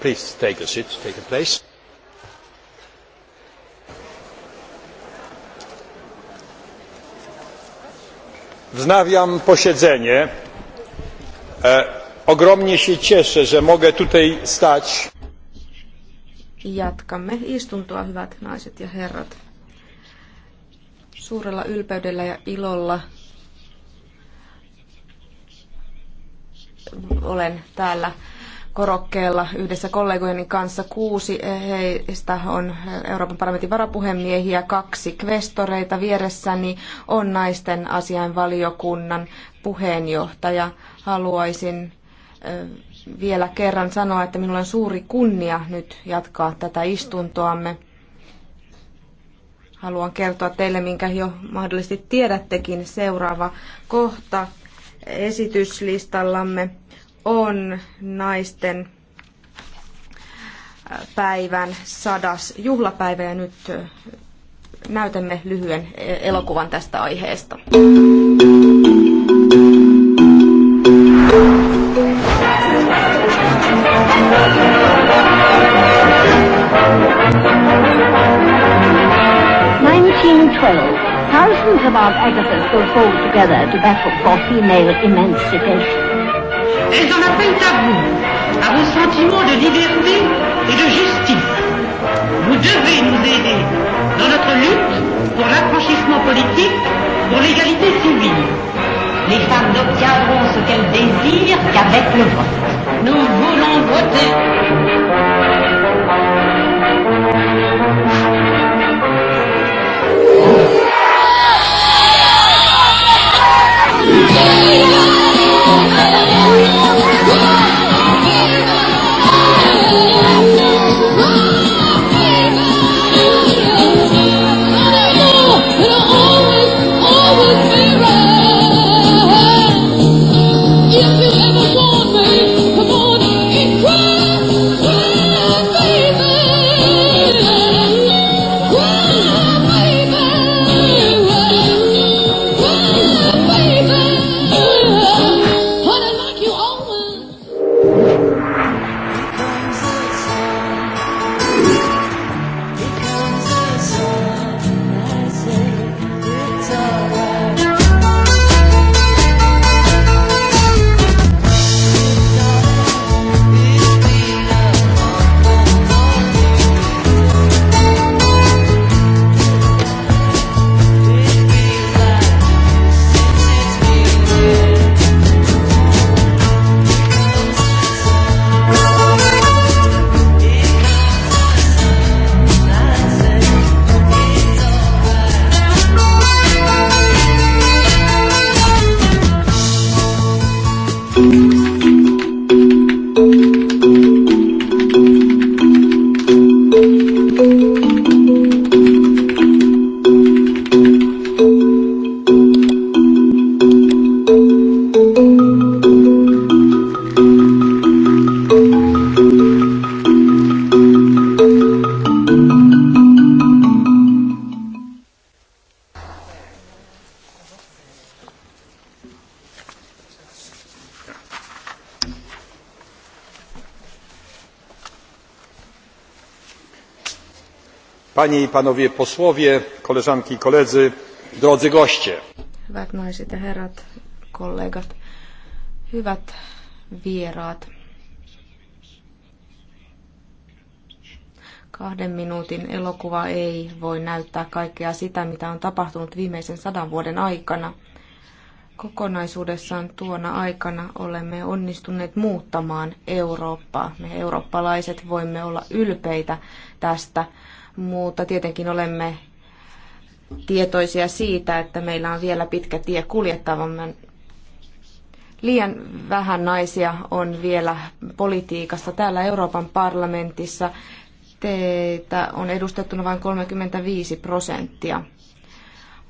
Please take a seat, take a place. Wznawiam posiedzenie. E, ogromnie się cieszę, że mogę tutaj stać. Jatkamme istuntoa, hyvät naiset ja herrat. Suurella ylpeydellä ja ilolla olen täällä korokkeella yhdessä kollegojeni kanssa. Kuusi heistä on Euroopan parlamentin varapuhemiehiä, kaksi kvestoreita. Vieressäni on naisten asiainvaliokunnan puheenjohtaja. Haluaisin vielä kerran sanoa, että minulla on suuri kunnia nyt jatkaa tätä istuntoamme. Haluan kertoa teille, minkä jo mahdollisesti tiedättekin, seuraava kohta esityslistallamme on naisten äh, päivän sadas juhlapäivä ja nyt äh, näytämme lyhyen e, elokuvan tästä aiheesta. Thousands of our Agathas will fall together to battle for female emancipation. Elles en appellent à vous, à vos sentiments de liberté et de justice. Vous devez nous aider dans notre lutte pour l'affranchissement politique, pour l'égalité civile. Les femmes n'obtiendront ce qu'elles désirent qu'avec le vote. Nous voulons voter. Yeah! panie i panowie posłowie koleżanki i koledzy drodzy goście hyvät naiset ja herrat kollegat hyvät vieraat kahden minuutin elokuva ei voi näyttää kaikkea sitä, mitä on tapahtunut viimeisen sadan vuoden aikana. Kokonaisuudessaan tuona aikana olemme onnistuneet muuttamaan Eurooppaa. Me eurooppalaiset voimme olla ylpeitä tästä mutta tietenkin olemme tietoisia siitä, että meillä on vielä pitkä tie kuljettavamme. Liian vähän naisia on vielä politiikassa täällä Euroopan parlamentissa. Teitä on edustettuna vain 35 prosenttia.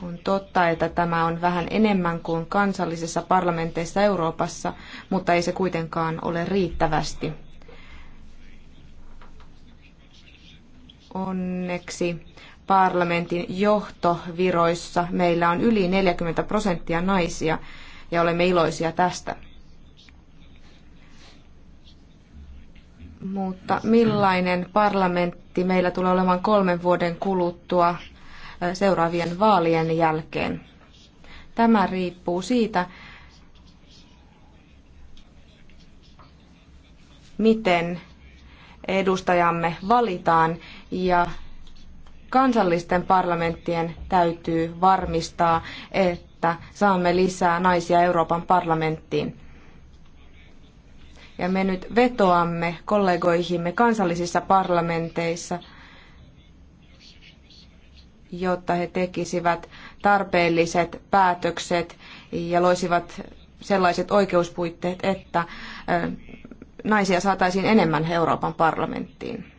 On totta, että tämä on vähän enemmän kuin kansallisissa parlamenteissa Euroopassa, mutta ei se kuitenkaan ole riittävästi. onneksi parlamentin johtoviroissa meillä on yli 40 prosenttia naisia ja olemme iloisia tästä. Mutta millainen parlamentti meillä tulee olemaan kolmen vuoden kuluttua seuraavien vaalien jälkeen? Tämä riippuu siitä, miten edustajamme valitaan ja kansallisten parlamenttien täytyy varmistaa, että saamme lisää naisia Euroopan parlamenttiin. Ja me nyt vetoamme kollegoihimme kansallisissa parlamenteissa, jotta he tekisivät tarpeelliset päätökset ja loisivat sellaiset oikeuspuitteet, että naisia saataisiin enemmän Euroopan parlamenttiin.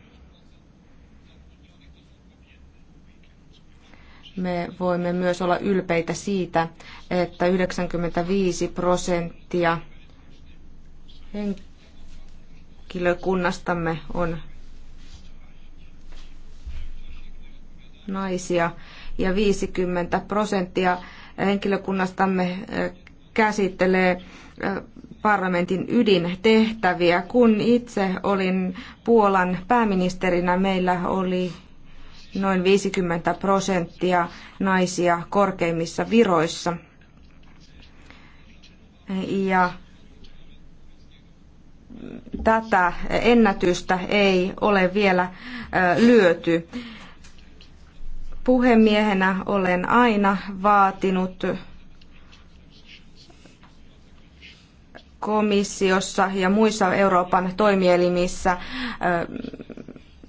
Me voimme myös olla ylpeitä siitä, että 95 prosenttia henkilökunnastamme on naisia ja 50 prosenttia henkilökunnastamme eh, käsittelee eh, parlamentin ydintehtäviä. Kun itse olin Puolan pääministerinä, meillä oli noin 50 prosenttia naisia korkeimmissa viroissa. Ja tätä ennätystä ei ole vielä lyöty. Puhemiehenä olen aina vaatinut komissiossa ja muissa Euroopan toimielimissä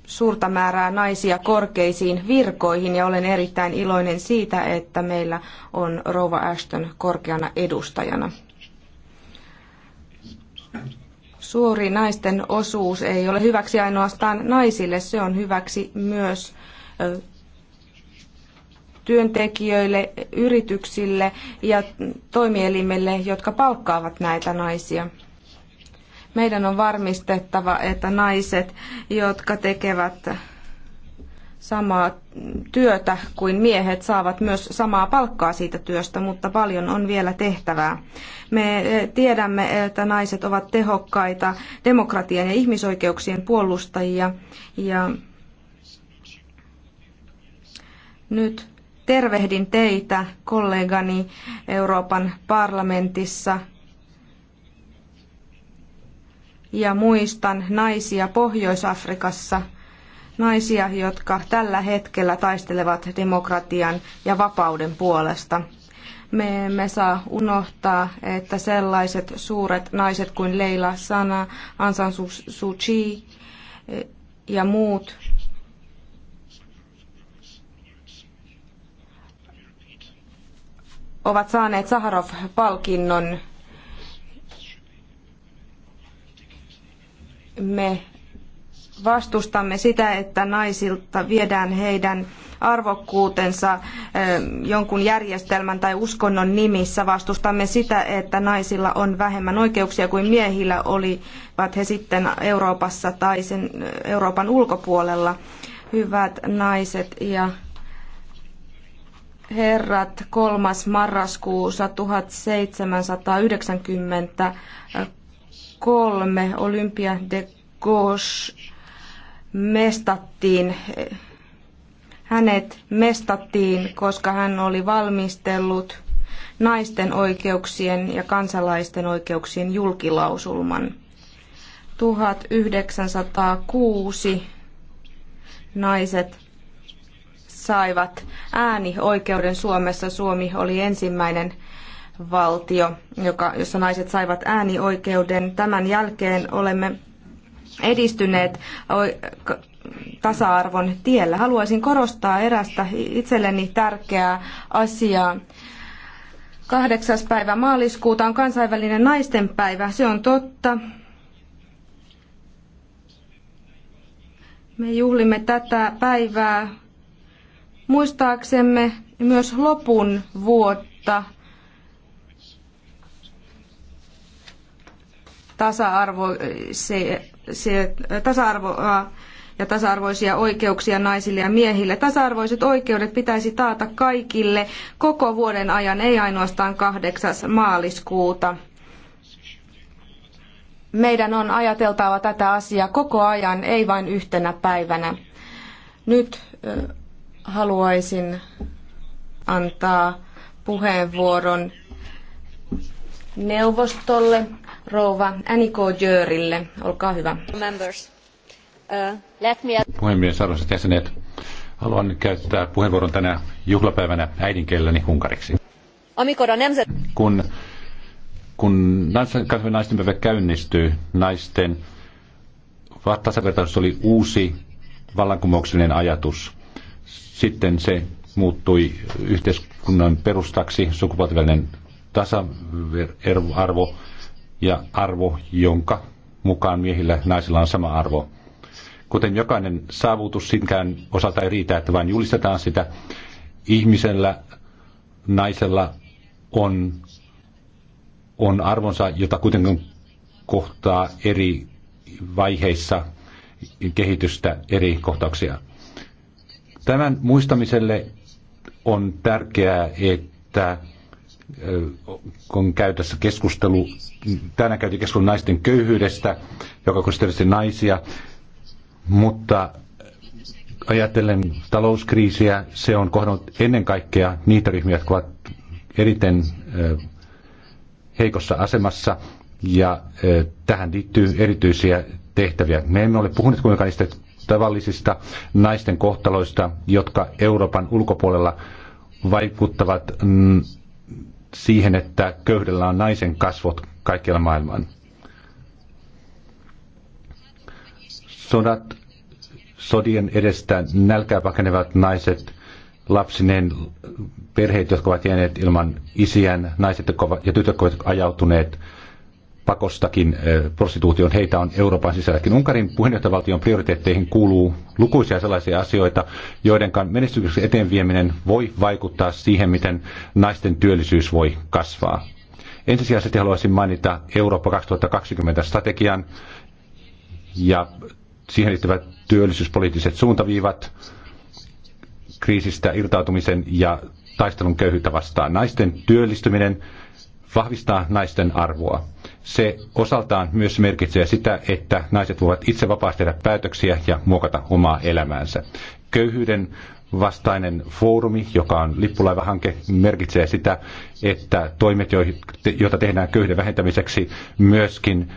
suurta määrää naisia korkeisiin virkoihin ja olen erittäin iloinen siitä, että meillä on Rova Ashton korkeana edustajana. Suuri naisten osuus ei ole hyväksi ainoastaan naisille, se on hyväksi myös työntekijöille, yrityksille ja toimielimille, jotka palkkaavat näitä naisia. Meidän on varmistettava, että naiset, jotka tekevät samaa työtä kuin miehet saavat myös samaa palkkaa siitä työstä, mutta paljon on vielä tehtävää. Me tiedämme, että naiset ovat tehokkaita demokratian ja ihmisoikeuksien puolustajia ja nyt tervehdin teitä, kollegani Euroopan parlamentissa. Ja muistan naisia Pohjois-Afrikassa, naisia, jotka tällä hetkellä taistelevat demokratian ja vapauden puolesta. Me emme saa unohtaa, että sellaiset suuret naiset kuin Leila Sana, Ansan Suu Kyi eh, ja muut ovat saaneet Saharov-palkinnon. Me vastustamme sitä, että naisilta viedään heidän arvokkuutensa jonkun järjestelmän tai uskonnon nimissä. Vastustamme sitä, että naisilla on vähemmän oikeuksia kuin miehillä olivat he sitten Euroopassa tai sen Euroopan ulkopuolella. Hyvät naiset ja herrat 3. marraskuussa 1793 Olympia de Gauche mestattiin. Hänet mestattiin, koska hän oli valmistellut naisten oikeuksien ja kansalaisten oikeuksien julkilausulman. 1906 naiset saivat äänioikeuden Suomessa. Suomi oli ensimmäinen valtio, joka, jossa naiset saivat äänioikeuden. Tämän jälkeen olemme edistyneet tasa-arvon tiellä. Haluaisin korostaa erästä itselleni tärkeää asiaa. 8. päivä maaliskuuta on kansainvälinen naistenpäivä, se on totta. Me juhlimme tätä päivää muistaaksemme myös lopun vuotta tasa-arvoisia tasa ja tasa-arvoisia oikeuksia naisille ja miehille. Tasa-arvoiset oikeudet pitäisi taata kaikille koko vuoden ajan, ei ainoastaan 8. maaliskuuta. Meidän on ajateltava tätä asiaa koko ajan, ei vain yhtenä päivänä. Nyt haluaisin antaa puheenvuoron neuvostolle, rouva Aniko Jörille. Olkaa hyvä. Uh, Puhemies, arvoisat jäsenet, haluan käyttää puheenvuoron tänä juhlapäivänä äidinkielelläni hunkariksi. Kun, kun kansainvälinen naistenpäivä käynnistyy, naisten tasavertaisuus oli uusi vallankumouksellinen ajatus – sitten se muuttui yhteiskunnan perustaksi, sukupuolten tasa-arvo ja arvo, jonka mukaan miehillä ja naisilla on sama arvo. Kuten jokainen saavutus, sinkään osalta ei riitä, että vain julistetaan sitä. Ihmisellä, naisella on, on arvonsa, jota kuitenkin kohtaa eri vaiheissa kehitystä eri kohtauksia. Tämän muistamiselle on tärkeää, että kun tässä keskustelu, tänään käytiin keskustelu naisten köyhyydestä, joka koskee naisia, mutta ajatellen talouskriisiä, se on kohdannut ennen kaikkea niitä ryhmiä, jotka ovat eriten heikossa asemassa, ja tähän liittyy erityisiä tehtäviä. Me emme ole puhuneet kuinka niistä tavallisista naisten kohtaloista, jotka Euroopan ulkopuolella vaikuttavat siihen, että köydellä on naisen kasvot kaikkialla maailmaan. Sodat, sodien edestä nälkää pakenevat naiset, lapsineen perheet, jotka ovat jääneet ilman isiään, naiset ja tytöt, ovat ajautuneet pakostakin prostituution. Heitä on Euroopan sisälläkin. Unkarin puheenjohtajavaltion prioriteetteihin kuuluu lukuisia sellaisia asioita, joiden menestyksen eteenvieminen voi vaikuttaa siihen, miten naisten työllisyys voi kasvaa. Ensisijaisesti haluaisin mainita Eurooppa 2020 strategian ja siihen liittyvät työllisyyspoliittiset suuntaviivat, kriisistä irtautumisen ja taistelun köyhyyttä vastaan. Naisten työllistyminen vahvistaa naisten arvoa. Se osaltaan myös merkitsee sitä, että naiset voivat itse vapaasti tehdä päätöksiä ja muokata omaa elämäänsä. Köyhyyden vastainen foorumi, joka on lippulaivahanke, merkitsee sitä, että toimet, joita tehdään köyhyyden vähentämiseksi, myöskin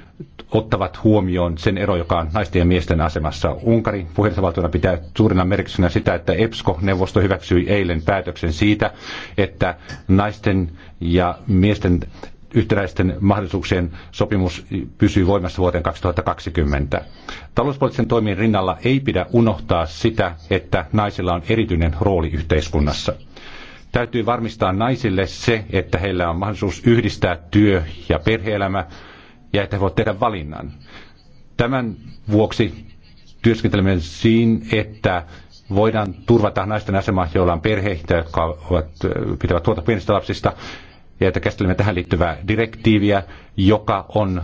ottavat huomioon sen ero, joka on naisten ja miesten asemassa. Unkari puheenjohtajavaltiona pitää suurena merkityksenä sitä, että EPSCO-neuvosto hyväksyi eilen päätöksen siitä, että naisten ja miesten yhtenäisten mahdollisuuksien sopimus pysyy voimassa vuoteen 2020. Talouspoliittisen toimien rinnalla ei pidä unohtaa sitä, että naisilla on erityinen rooli yhteiskunnassa. Täytyy varmistaa naisille se, että heillä on mahdollisuus yhdistää työ- ja perheelämä ja että he voivat tehdä valinnan. Tämän vuoksi työskentelemme siinä, että voidaan turvata naisten asema, joilla on perheitä, jotka ovat, pitävät huolta pienistä lapsista, ja että käsittelemme tähän liittyvää direktiiviä, joka on,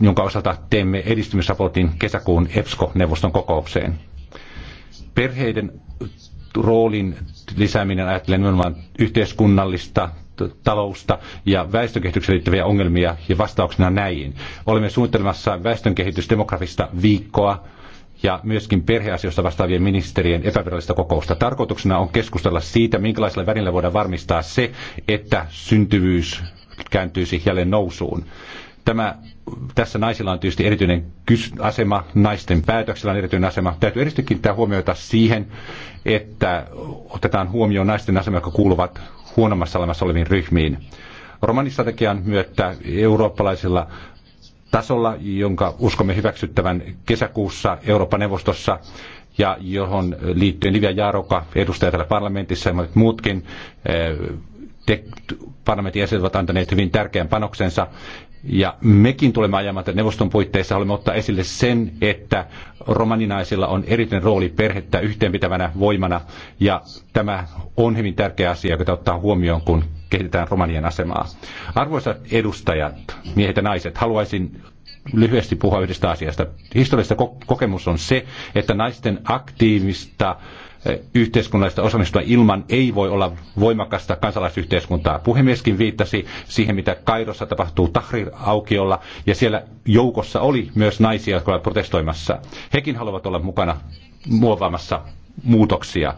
jonka osalta teemme edistymisraportin kesäkuun EPSCO-neuvoston kokoukseen. Perheiden roolin lisääminen ajattelee nimenomaan yhteiskunnallista, talousta ja väestönkehitykseen liittyviä ongelmia ja vastauksena näihin. Olemme suunnittelemassa väestönkehitysdemografista viikkoa, ja myöskin perheasioista vastaavien ministerien epävirallista kokousta. Tarkoituksena on keskustella siitä, minkälaisella välillä voidaan varmistaa se, että syntyvyys kääntyisi jälleen nousuun. Tämä, tässä naisilla on tietysti erityinen asema, naisten päätöksellä on erityinen asema. Täytyy erityisesti kiinnittää huomiota siihen, että otetaan huomioon naisten asema, jotka kuuluvat huonommassa olemassa oleviin ryhmiin romanistrategian myötä eurooppalaisilla tasolla, jonka uskomme hyväksyttävän kesäkuussa Euroopan neuvostossa ja johon liittyen Livia Jaaroka, edustaja täällä parlamentissa ja muutkin eh, parlamentin jäsenet ovat antaneet hyvin tärkeän panoksensa ja mekin tulemme ajamaan tätä neuvoston puitteissa, haluamme ottaa esille sen, että romaninaisilla on erityinen rooli perhettä yhteenpitävänä voimana, ja tämä on hyvin tärkeä asia, joka ottaa huomioon, kun kehitetään romanien asemaa. Arvoisat edustajat, miehet ja naiset, haluaisin lyhyesti puhua yhdestä asiasta. Historiallista kokemus on se, että naisten aktiivista yhteiskunnallista osallistua ilman ei voi olla voimakasta kansalaisyhteiskuntaa. Puhemieskin viittasi siihen, mitä Kairossa tapahtuu Tahrir-aukiolla, ja siellä joukossa oli myös naisia, jotka olivat protestoimassa. Hekin haluavat olla mukana muovaamassa muutoksia.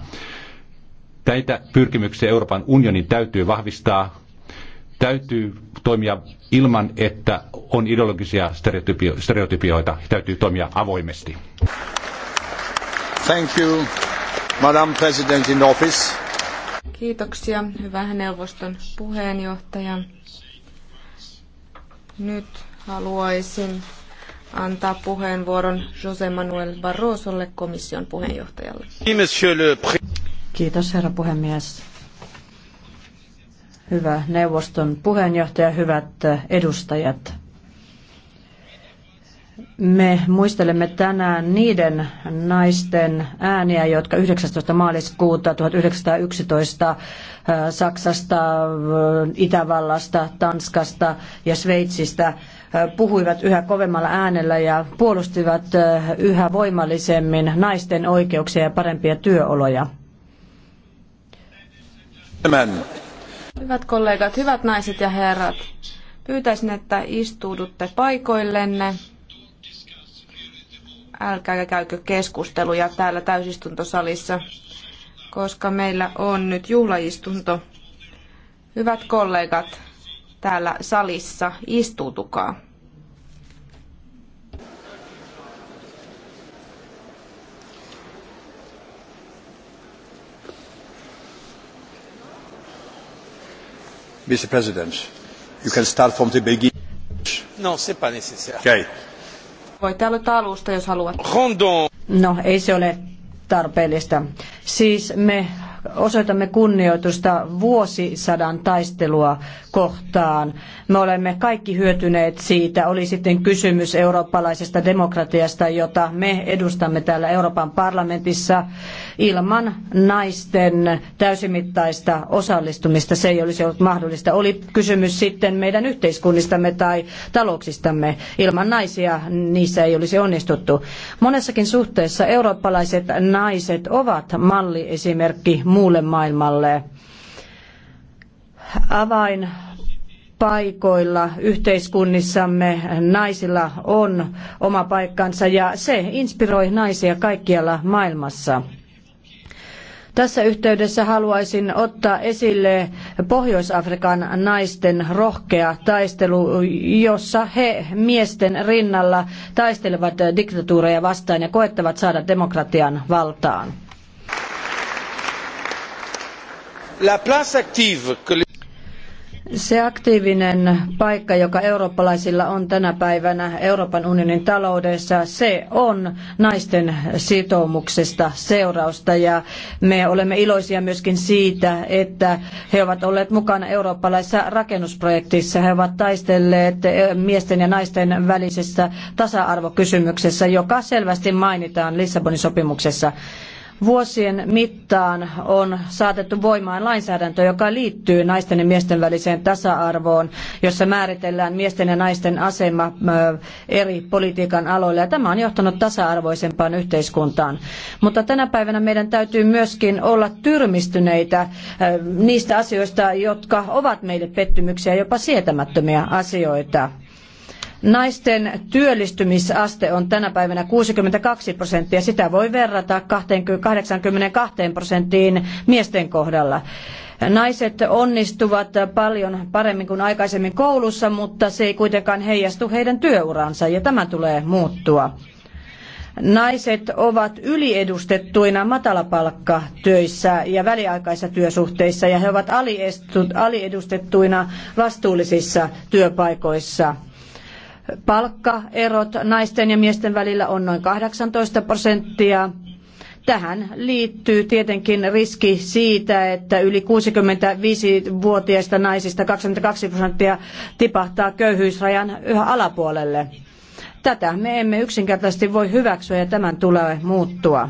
Täitä pyrkimyksiä Euroopan unionin täytyy vahvistaa, täytyy toimia ilman, että on ideologisia stereotypioita, täytyy toimia avoimesti. Thank you. Madam President in Office. Kiitoksia, hyvä neuvoston puheenjohtaja. Nyt haluaisin antaa puheenvuoron Jose Manuel Barrosolle komission puheenjohtajalle. Kiitos herra puhemies. Hyvä neuvoston puheenjohtaja, hyvät edustajat. Me muistelemme tänään niiden naisten ääniä, jotka 19. maaliskuuta 1911 äh, Saksasta, äh, Itävallasta, Tanskasta ja Sveitsistä äh, puhuivat yhä kovemmalla äänellä ja puolustivat yhä voimallisemmin naisten oikeuksia ja parempia työoloja. Hyvät kollegat, hyvät naiset ja herrat, pyytäisin, että istuudutte paikoillenne älkää käykö keskusteluja täällä täysistuntosalissa, koska meillä on nyt juhlaistunto. Hyvät kollegat täällä salissa, istuutukaa. Mr. President, you can start from the beginning. Non, c'est pas nécessaire. Okay. Voitte aloittaa alusta, jos haluat. No, ei se ole tarpeellista. Siis me osoitamme kunnioitusta vuosisadan taistelua kohtaan. Me olemme kaikki hyötyneet siitä, oli sitten kysymys eurooppalaisesta demokratiasta, jota me edustamme täällä Euroopan parlamentissa, Ilman naisten täysimittaista osallistumista se ei olisi ollut mahdollista. Oli kysymys sitten meidän yhteiskunnistamme tai talouksistamme. Ilman naisia niissä ei olisi onnistuttu. Monessakin suhteessa eurooppalaiset naiset ovat malliesimerkki muulle maailmalle. Avain paikoilla yhteiskunnissamme naisilla on oma paikkansa ja se inspiroi naisia kaikkialla maailmassa. Tässä yhteydessä haluaisin ottaa esille Pohjois-Afrikan naisten rohkea taistelu, jossa he miesten rinnalla taistelevat diktatuureja vastaan ja koettavat saada demokratian valtaan. La place active que se aktiivinen paikka, joka eurooppalaisilla on tänä päivänä Euroopan unionin taloudessa, se on naisten sitoumuksesta seurausta ja me olemme iloisia myöskin siitä, että he ovat olleet mukana eurooppalaisessa rakennusprojektissa. He ovat taistelleet eh, miesten ja naisten välisessä tasa-arvokysymyksessä, joka selvästi mainitaan Lissabonin sopimuksessa. Vuosien mittaan on saatettu voimaan lainsäädäntö, joka liittyy naisten ja miesten väliseen tasa-arvoon, jossa määritellään miesten ja naisten asema eri politiikan aloilla. Ja tämä on johtanut tasa-arvoisempaan yhteiskuntaan. Mutta tänä päivänä meidän täytyy myöskin olla tyrmistyneitä niistä asioista, jotka ovat meille pettymyksiä, jopa sietämättömiä asioita. Naisten työllistymisaste on tänä päivänä 62 prosenttia. Sitä voi verrata 82 prosenttiin miesten kohdalla. Naiset onnistuvat paljon paremmin kuin aikaisemmin koulussa, mutta se ei kuitenkaan heijastu heidän työuransa ja tämä tulee muuttua. Naiset ovat yliedustettuina matalapalkkatöissä ja väliaikaisissa työsuhteissa ja he ovat aliedustettuina vastuullisissa työpaikoissa. Palkkaerot naisten ja miesten välillä on noin 18 prosenttia. Tähän liittyy tietenkin riski siitä, että yli 65-vuotiaista naisista 22 prosenttia tipahtaa köyhyysrajan yhä alapuolelle. Tätä me emme yksinkertaisesti voi hyväksyä ja tämän tulee muuttua.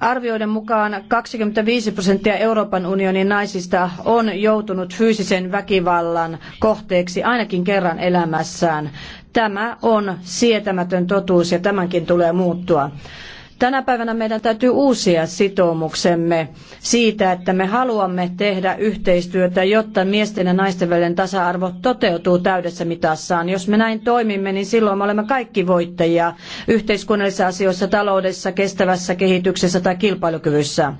Arvioiden mukaan 25 prosenttia Euroopan unionin naisista on joutunut fyysisen väkivallan kohteeksi ainakin kerran elämässään. Tämä on sietämätön totuus ja tämänkin tulee muuttua. Tänä päivänä meidän täytyy uusia sitoumuksemme siitä, että me haluamme tehdä yhteistyötä, jotta miesten ja naisten välinen tasa-arvo toteutuu täydessä mitassaan. Jos me näin toimimme, niin silloin me olemme kaikki voittajia yhteiskunnallisissa asioissa, taloudessa, kestävässä kehityksessä tai kilpailukyvyssä.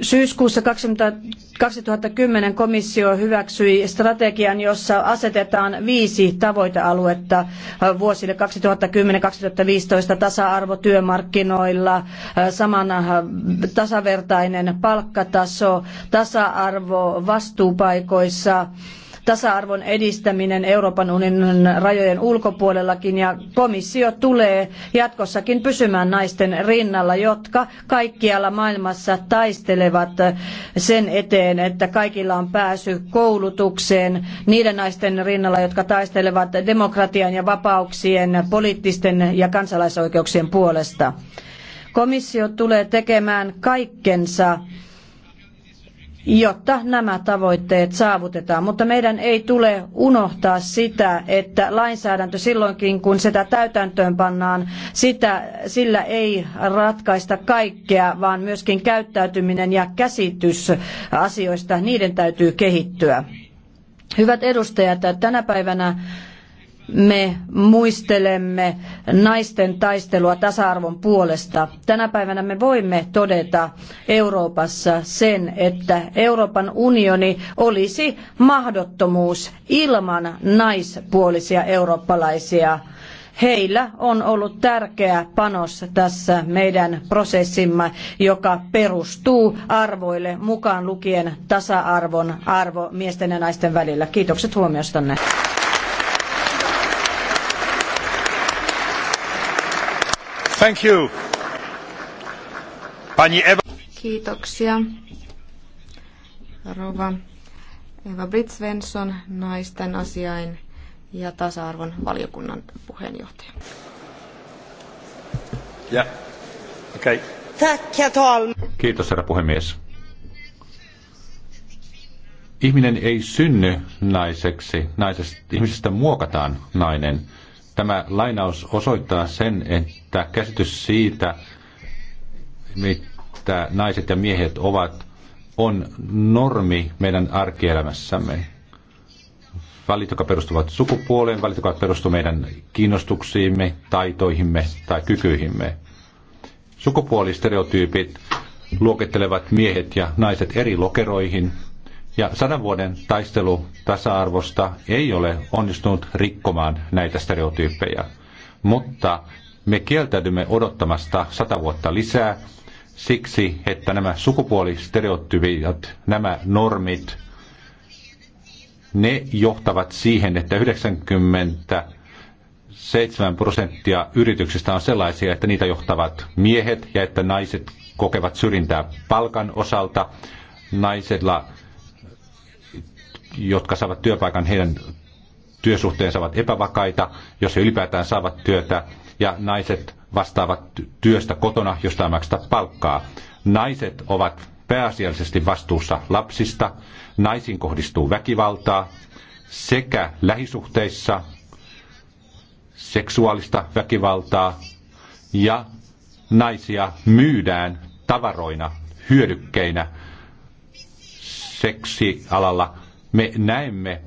Syyskuussa 2010 komissio hyväksyi strategian, jossa asetetaan viisi tavoitealuetta vuosille 2010-2015 tasa-arvo työmarkkinoilla, samana äh, tasavertainen palkkataso, tasa-arvo vastuupaikoissa, tasa-arvon edistäminen Euroopan unionin rajojen ulkopuolellakin ja komissio tulee jatkossakin pysymään naisten rinnalla, jotka kaikkialla maailmassa taistelevat sen eteen, että kaikilla on pääsy koulutukseen niiden naisten rinnalla, jotka taistelevat demokratian ja vapauksien, poliittisten ja kansalaisoikeuksien puolesta. Komissio tulee tekemään kaikkensa jotta nämä tavoitteet saavutetaan. Mutta meidän ei tule unohtaa sitä, että lainsäädäntö silloinkin, kun sitä täytäntöön pannaan, sitä, sillä ei ratkaista kaikkea, vaan myöskin käyttäytyminen ja käsitys asioista, niiden täytyy kehittyä. Hyvät edustajat, tänä päivänä me muistelemme naisten taistelua tasa-arvon puolesta. Tänä päivänä me voimme todeta Euroopassa sen, että Euroopan unioni olisi mahdottomuus ilman naispuolisia eurooppalaisia. Heillä on ollut tärkeä panos tässä meidän prosessimme, joka perustuu arvoille mukaan lukien tasa-arvon arvo miesten ja naisten välillä. Kiitokset huomiostanne. Kiitoksia. Rouva Eva Britt Svensson, naisten asiain ja tasa-arvon valiokunnan puheenjohtaja. Ja. Okay. Tack, herr talman. Kiitos, herra puhemies. Ihminen ei synny naiseksi. Naisesta, ihmisestä muokataan nainen. Tämä lainaus osoittaa sen, että käsitys siitä, mitä naiset ja miehet ovat, on normi meidän arkielämässämme. Valit, jotka perustuvat sukupuoleen, valit, jotka perustuvat meidän kiinnostuksiimme, taitoihimme tai kykyihimme. Sukupuolistereotyypit luokittelevat miehet ja naiset eri lokeroihin – ja sadan vuoden taistelu tasa-arvosta ei ole onnistunut rikkomaan näitä stereotyyppejä. Mutta me kieltäydymme odottamasta sata vuotta lisää siksi, että nämä sukupuolistereotypiat, nämä normit, ne johtavat siihen, että 97 prosenttia yrityksistä on sellaisia, että niitä johtavat miehet ja että naiset kokevat syrjintää palkan osalta. Naisilla jotka saavat työpaikan, heidän työsuhteensa ovat epävakaita, jos he ylipäätään saavat työtä, ja naiset vastaavat työstä kotona, josta ei makseta palkkaa. Naiset ovat pääasiallisesti vastuussa lapsista, naisiin kohdistuu väkivaltaa sekä lähisuhteissa seksuaalista väkivaltaa ja naisia myydään tavaroina, hyödykkeinä seksialalla me näemme,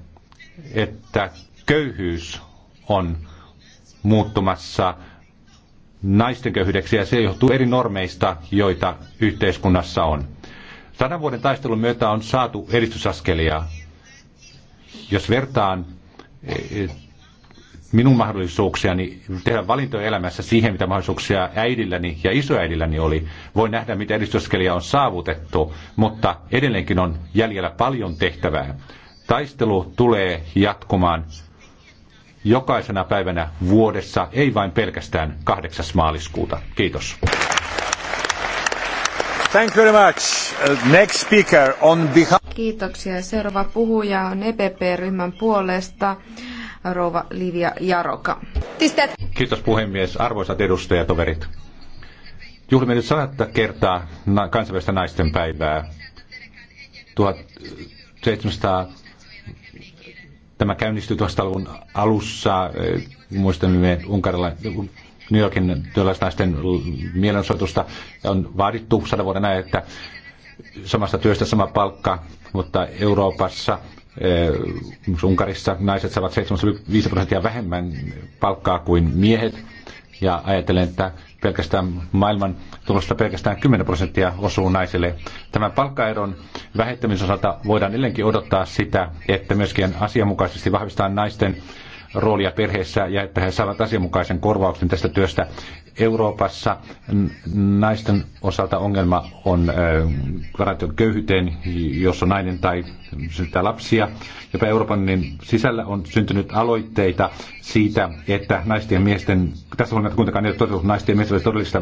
että köyhyys on muuttumassa naisten köyhyydeksi ja se johtuu eri normeista, joita yhteiskunnassa on. Sadan vuoden taistelun myötä on saatu edistysaskelia. Jos vertaan eh, minun mahdollisuuksiani tehdä valintoja elämässä siihen, mitä mahdollisuuksia äidilläni ja isoäidilläni oli. Voin nähdä, mitä edistyskelia on saavutettu, mutta edelleenkin on jäljellä paljon tehtävää. Taistelu tulee jatkumaan jokaisena päivänä vuodessa, ei vain pelkästään 8. maaliskuuta. Kiitos. Thank you very much. Next speaker on behalf... Kiitoksia. Seuraava puhuja on EPP-ryhmän puolesta rouva Livia Jaroka. Kiitos puhemies. Arvoisat edustajatoverit. Juhlimme nyt sadatta kertaa kansainvälistä naisten päivää. 1700 Tämä käynnistyi tuosta luvun alussa. Eh, muistamme Unkarilla, New Yorkin työläisnaisten mielenosoitusta. On vaadittu sadan vuoden ajan, että samasta työstä sama palkka, mutta Euroopassa Äh, Unkarissa naiset saavat 75 prosenttia vähemmän palkkaa kuin miehet. Ja ajattelen, että pelkästään maailman tulosta pelkästään 10 prosenttia osuu naisille. Tämän palkkaeron osalta voidaan edelleenkin odottaa sitä, että myöskin asianmukaisesti vahvistaa naisten roolia perheessä ja että he saavat asianmukaisen korvauksen tästä työstä. Euroopassa naisten osalta ongelma on varattu köyhyyteen, jossa nainen tai syntää lapsia. Jopa Euroopan niin sisällä on syntynyt aloitteita siitä, että naisten ja miesten, tässä on kuitenkaan ei ole toteutunut naisten ja miesten todellista,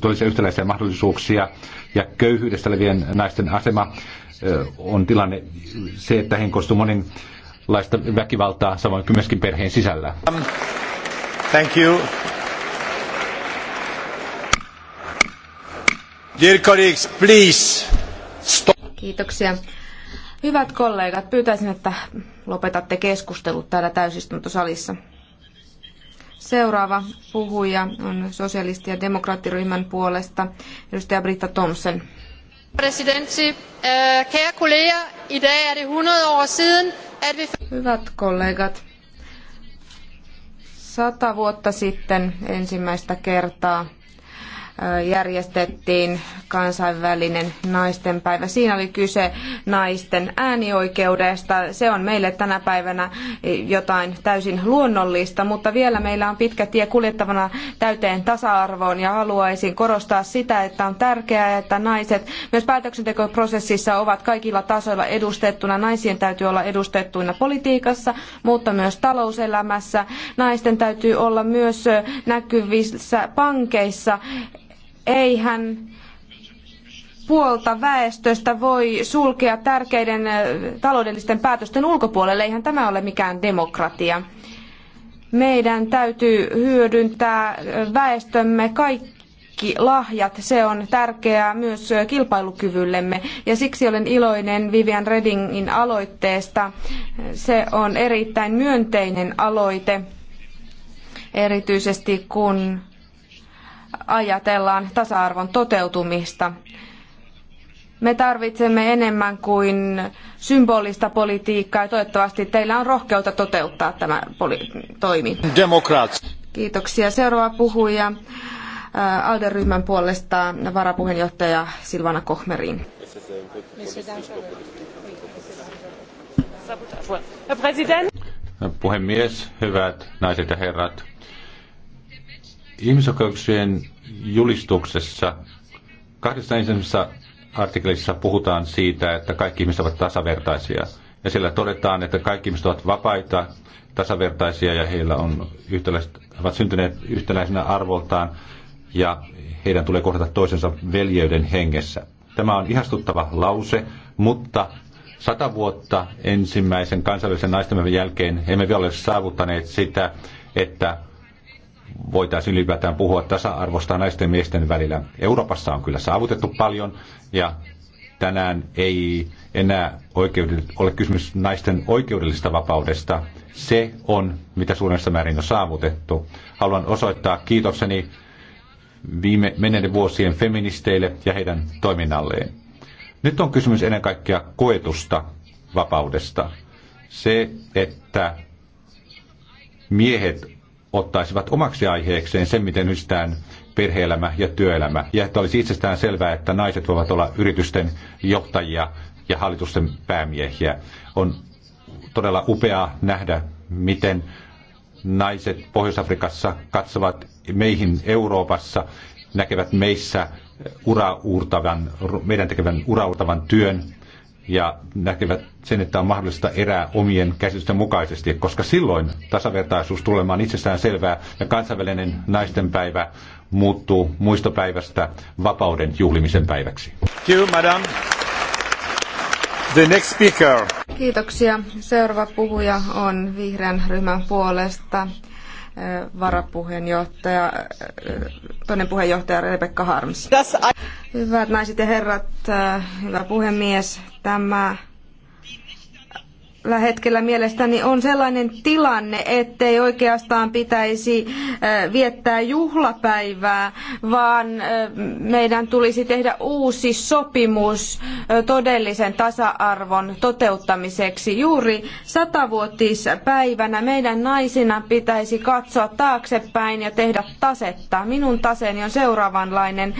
todellisia yhtäläisiä mahdollisuuksia ja köyhyydestä levien naisten asema on tilanne se, että heihin koostuu laista väkivaltaa, samoin kuin myöskin perheen sisällä. Thank you. Dear colleagues, please stop. Kiitoksia. Hyvät kollegat, pyytäisin, että lopetatte keskustelut täällä täysistuntosalissa. Seuraava puhuja on sosialisti- ja demokraattiryhmän puolesta edustaja Britta Thomsen. Presidentti, eh, kære kolleger, i dag er det 100 år siden, at vi... Hyvät kollegat, sata vuotta sitten ensimmäistä kertaa järjestettiin kansainvälinen naistenpäivä. Siinä oli kyse naisten äänioikeudesta. Se on meille tänä päivänä jotain täysin luonnollista, mutta vielä meillä on pitkä tie kuljettavana täyteen tasa-arvoon ja haluaisin korostaa sitä, että on tärkeää, että naiset myös päätöksentekoprosessissa ovat kaikilla tasoilla edustettuna. Naisien täytyy olla edustettuina politiikassa, mutta myös talouselämässä. Naisten täytyy olla myös näkyvissä pankeissa eihän puolta väestöstä voi sulkea tärkeiden taloudellisten päätösten ulkopuolelle. Eihän tämä ole mikään demokratia. Meidän täytyy hyödyntää väestömme kaikki lahjat. Se on tärkeää myös kilpailukyvyllemme. Ja siksi olen iloinen Vivian Redingin aloitteesta. Se on erittäin myönteinen aloite, erityisesti kun ajatellaan tasa-arvon toteutumista. Me tarvitsemme enemmän kuin symbolista politiikkaa ja toivottavasti teillä on rohkeutta toteuttaa tämä toimi. Demokraat. Kiitoksia. Seuraava puhuja äh, ALDE-ryhmän puolesta varapuheenjohtaja Silvana Kohmerin. Puhemies, hyvät naiset ja herrat. Ihmisoikeuksien julistuksessa kahdessa ensimmäisessä artikkelissa puhutaan siitä, että kaikki ihmiset ovat tasavertaisia. Ja siellä todetaan, että kaikki ihmiset ovat vapaita, tasavertaisia ja heillä on yhtäläiset, ovat syntyneet yhtäläisenä arvoltaan ja heidän tulee kohdata toisensa veljeyden hengessä. Tämä on ihastuttava lause, mutta sata vuotta ensimmäisen kansainvälisen naistemme jälkeen emme vielä ole saavuttaneet sitä, että voitaisiin ylipäätään puhua tasa-arvosta naisten ja miesten välillä. Euroopassa on kyllä saavutettu paljon ja tänään ei enää ole kysymys naisten oikeudellisesta vapaudesta. Se on, mitä suuremmassa määrin on saavutettu. Haluan osoittaa kiitokseni viime menneiden vuosien feministeille ja heidän toiminnalleen. Nyt on kysymys ennen kaikkea koetusta vapaudesta. Se, että miehet ottaisivat omaksi aiheekseen sen, miten yhdistetään perheelämä ja työelämä. Ja että olisi itsestään selvää, että naiset voivat olla yritysten johtajia ja hallitusten päämiehiä. On todella upeaa nähdä, miten naiset Pohjois-Afrikassa katsovat meihin Euroopassa, näkevät meissä uraurtavan, meidän tekevän uraurtavan työn, ja näkevät sen, että on mahdollista erää omien käsitysten mukaisesti, koska silloin tasavertaisuus tulemaan itsestään selvää ja kansainvälinen naistenpäivä muuttuu muistopäivästä vapauden juhlimisen päiväksi. Kiitos, madam. The next speaker. Kiitoksia. Seuraava puhuja on vihreän ryhmän puolesta varapuheenjohtaja, toinen puheenjohtaja Rebecca Harms. Hyvät naiset ja herrat, hyvä puhemies, tämä tällä hetkellä mielestäni on sellainen tilanne, ettei oikeastaan pitäisi viettää juhlapäivää, vaan meidän tulisi tehdä uusi sopimus todellisen tasa-arvon toteuttamiseksi. Juuri satavuotispäivänä meidän naisina pitäisi katsoa taaksepäin ja tehdä tasetta. Minun taseeni on seuraavanlainen.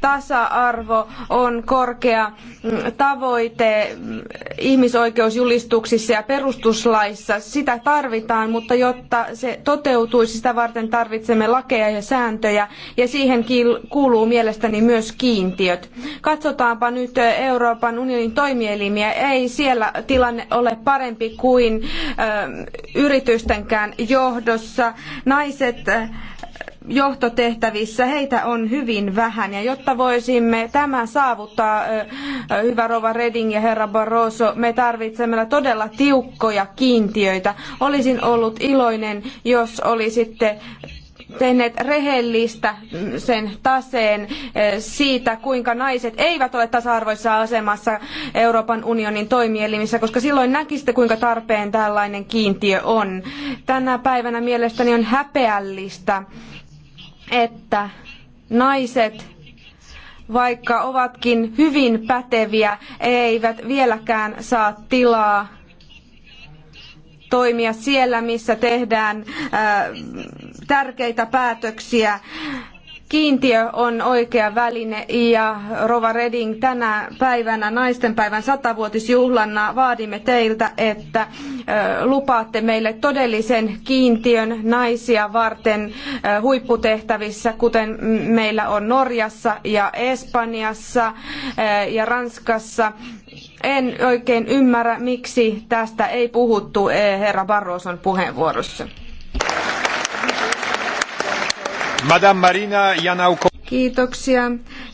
Tasa-arvo on korkea mm, tavoite mm, ihmisoikeusjulistuksissa kompromisseja perustuslaissa. Sitä tarvitaan, mutta jotta se toteutuisi, sitä varten tarvitsemme lakeja ja sääntöjä, ja siihen kuuluu mielestäni myös kiintiöt. Katsotaanpa nyt Euroopan unionin toimielimiä. Ei siellä tilanne ole parempi kuin yritystenkään johdossa. Naiset johtotehtävissä, heitä on hyvin vähän. Ja jotta voisimme tämän saavuttaa, hyvä rouva Reding ja herra Barroso, me tarvitsemme todella tiukkoja kiintiöitä. Olisin ollut iloinen, jos olisitte tehneet rehellistä mm, sen taseen siitä, kuinka naiset eivät ole tasa-arvoisessa asemassa Euroopan unionin toimielimissä, koska silloin näkisitte, kuinka tarpeen tällainen kiintiö on. Tänä päivänä mielestäni on häpeällistä, että naiset, vaikka ovatkin hyvin päteviä, eivät vieläkään saa tilaa toimia siellä, missä tehdään tärkeitä päätöksiä kiintiö on oikea väline ja Rova Reding tänä päivänä naistenpäivän satavuotisjuhlanna vaadimme teiltä, että lupaatte meille todellisen kiintiön naisia varten huipputehtävissä, kuten meillä on Norjassa ja Espanjassa ja Ranskassa. En oikein ymmärrä, miksi tästä ei puhuttu eh, herra Barroson puheenvuorossa. Madame Marina Janauko. Kiitoksia.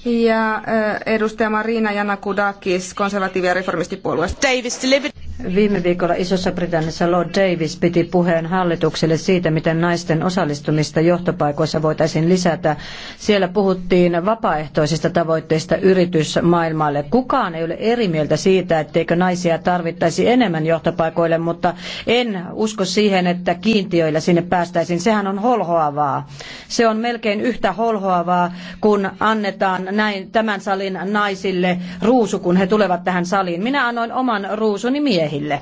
Ja eh, edustaja Marina Janakudakis, konservatiivi- ja reformistipuolueesta. Davis delivered. Viime viikolla Isossa Britanniassa Lord Davis piti puheen hallitukselle siitä, miten naisten osallistumista johtopaikoissa voitaisiin lisätä. Siellä puhuttiin vapaaehtoisista tavoitteista yritysmaailmalle. Kukaan ei ole eri mieltä siitä, etteikö naisia tarvittaisi enemmän johtopaikoille, mutta en usko siihen, että kiintiöillä sinne päästäisiin. Sehän on holhoavaa. Se on melkein yhtä holhoavaa, kun annetaan näin tämän salin naisille ruusu, kun he tulevat tähän saliin. Minä annoin oman ruusuni miehille miehille.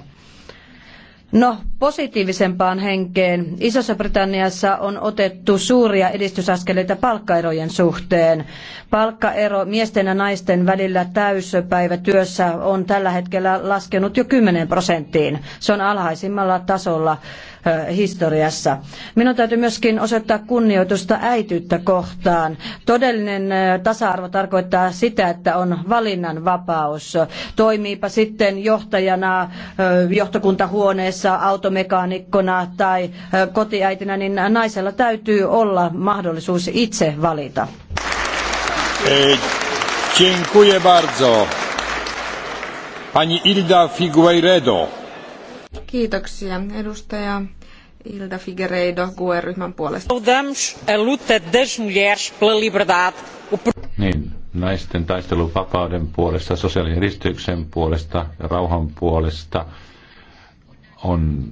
No, positiivisempaan henkeen. Isossa Britanniassa on otettu suuria edistysaskeleita palkkaerojen suhteen. Palkkaero miesten ja naisten välillä työssä on tällä hetkellä laskenut jo 10 prosenttiin. Se on alhaisimmalla tasolla historiassa. Minun täytyy myöskin osoittaa kunnioitusta äityyttä kohtaan. Todellinen tasa-arvo tarkoittaa sitä, että on valinnanvapaus. Toimiipa sitten johtajana johtokuntahuoneessa, automekaanikkona tai kotiäitinä, niin naisella täytyy olla mahdollisuus itse valita. E, dziękuję bardzo. Pani Ilda Figueiredo. Kiitoksia. Edustaja Ilda Figueiredo GUE-ryhmän puolesta. a luta das mulheres pela liberdade. Niin, naisten taistelu vapauden puolesta, sosiaalien puolesta ja rauhan puolesta on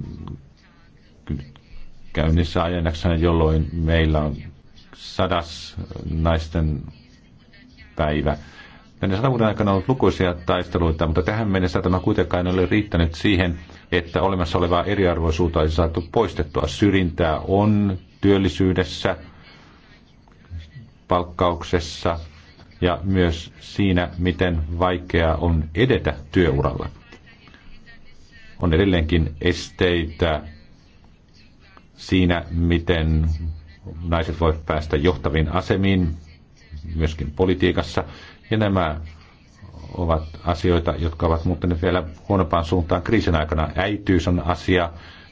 käynnissä ajanjaksana, jolloin meillä on sadas naisten päivä. Tänne sadan vuoden aikana on ollut lukuisia taisteluita, mutta tähän mennessä tämä kuitenkaan ei ole riittänyt siihen, että olemassa olevaa eriarvoisuutta on saatu poistettua. Syrjintää on työllisyydessä, palkkauksessa ja myös siinä, miten vaikeaa on edetä työuralla. On edelleenkin esteitä siinä, miten naiset voivat päästä johtaviin asemiin, myöskin politiikassa. Ja nämä ovat asioita, jotka ovat muuttaneet vielä huonompaan suuntaan kriisin aikana. Äityys on asia,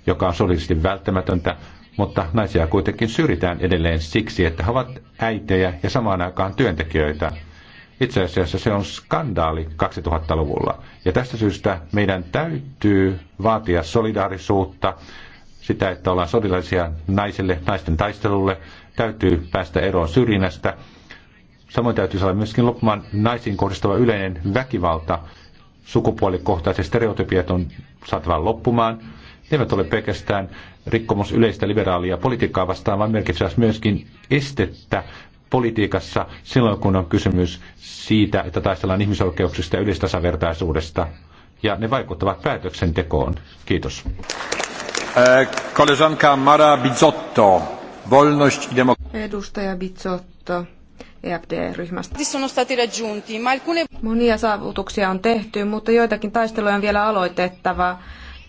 joka on solidisesti välttämätöntä, mutta naisia kuitenkin syrjitään edelleen siksi, että he ovat äitejä ja samaan aikaan työntekijöitä. Itse asiassa se on skandaali 2000-luvulla. Ja tästä syystä meidän täytyy vaatia solidaarisuutta, sitä, että ollaan sodillisia naisille, naisten taistelulle, täytyy päästä eroon syrjinnästä Samoin täytyy saada myöskin loppumaan naisiin kohdistuva yleinen väkivalta. Sukupuolikohtaiset stereotypiat on saatava loppumaan. Ne eivät ole pelkästään rikkomus yleistä liberaalia politiikkaa vastaan, vaan merkitsevät myöskin estettä politiikassa silloin, kun on kysymys siitä, että taistellaan ihmisoikeuksista ja yleistasavertaisuudesta. Ja ne vaikuttavat päätöksentekoon. Kiitos. Koleżanka Mara Bizotto, Wolność i demokratia. Edustaja Bizotto, EFD-ryhmästä. Monia saavutuksia on tehty, mutta joitakin taisteluja on vielä aloitettava.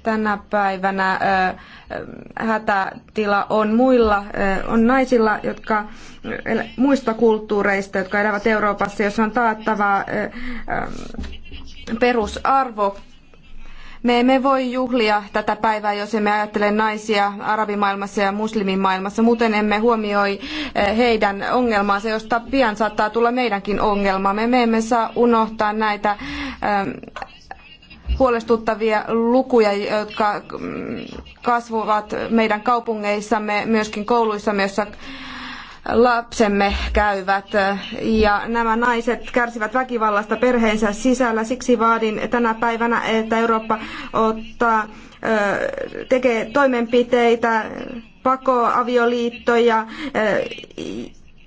Tänä päivänä hätätila on muilla, on naisilla, jotka muista kulttuureista, jotka elävät Euroopassa, jossa on taattava perusarvo me emme voi juhlia tätä päivää, jos emme ajattele naisia arabimaailmassa ja muslimimaailmassa. Muuten emme huomioi eh, heidän ongelmaansa, josta pian saattaa tulla meidänkin ongelmamme. Me emme saa unohtaa näitä eh, huolestuttavia lukuja, jotka mm, kasvavat meidän kaupungeissamme, myöskin kouluissamme, jossa lapsemme käyvät ja nämä naiset kärsivät väkivallasta perheensä sisällä. Siksi vaadin tänä päivänä, että Eurooppa ottaa, tekee toimenpiteitä, pakoavioliittoja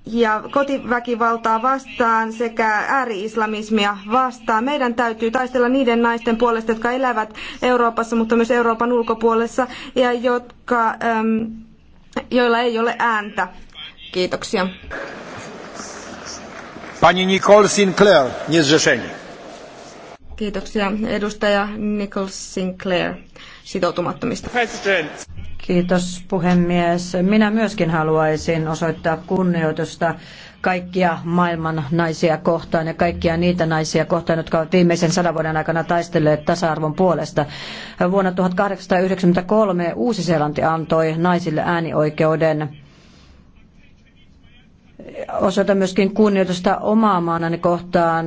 ja kotiväkivaltaa vastaan sekä ääri-islamismia vastaan. Meidän täytyy taistella niiden naisten puolesta, jotka elävät Euroopassa, mutta myös Euroopan ulkopuolessa ja jotka, joilla ei ole ääntä. Kiitoksia. Pani Nicole Sinclair, niezrzeszeni. Kiitoksia. Edustaja Nicole Sinclair sitoutumattomista. President. Kiitos puhemies. Minä myöskin haluaisin osoittaa kunnioitusta kaikkia maailman naisia kohtaan ja kaikkia niitä naisia kohtaan, jotka ovat viimeisen sadan vuoden aikana taistelleet tasa-arvon puolesta. Vuonna 1893 Uusi-Seelanti antoi naisille äänioikeuden osoita myöskin kunnioitusta omaa maanani kohtaan.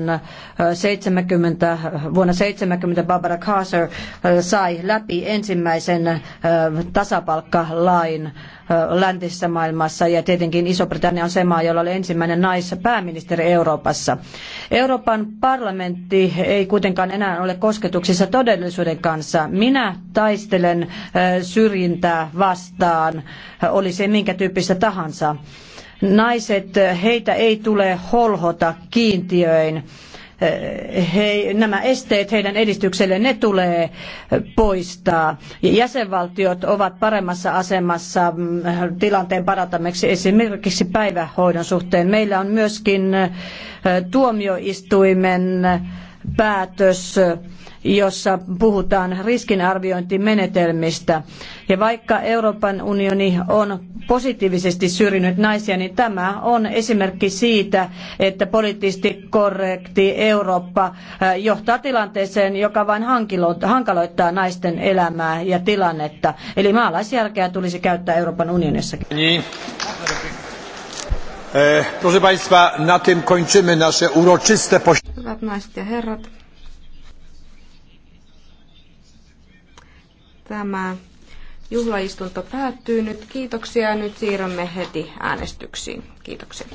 70, vuonna 70 Barbara Carter äh, sai läpi ensimmäisen äh, tasapalkkalain äh, läntisessä maailmassa ja tietenkin Iso-Britannia on se maa, jolla oli ensimmäinen naispääministeri Euroopassa. Euroopan parlamentti ei kuitenkaan enää ole kosketuksissa todellisuuden kanssa. Minä taistelen syrjintää vastaan, oli se minkä tyyppistä tahansa. Naiset, heitä ei tule holhota kiintiöin. He, nämä esteet heidän edistykselle, ne tulee poistaa. Jäsenvaltiot ovat paremmassa asemassa mm, tilanteen parantamiseksi esimerkiksi päivähoidon suhteen. Meillä on myöskin tuomioistuimen päätös jossa puhutaan riskinarviointimenetelmistä. Ja vaikka Euroopan unioni on positiivisesti syrjinyt naisia, niin tämä on esimerkki siitä, että poliittisesti korrekti Eurooppa johtaa tilanteeseen, joka vain hankaloittaa naisten elämää ja tilannetta. Eli maalaisjärkeä tulisi käyttää Euroopan unionissakin. Niin. Proszę Państwa, na tym kończymy nasze uroczyste posiedzenie. Hyvät naiset ja herrat, Tämä juhlaistunto päättyy nyt. Kiitoksia. Nyt siirrymme heti äänestyksiin. Kiitoksia.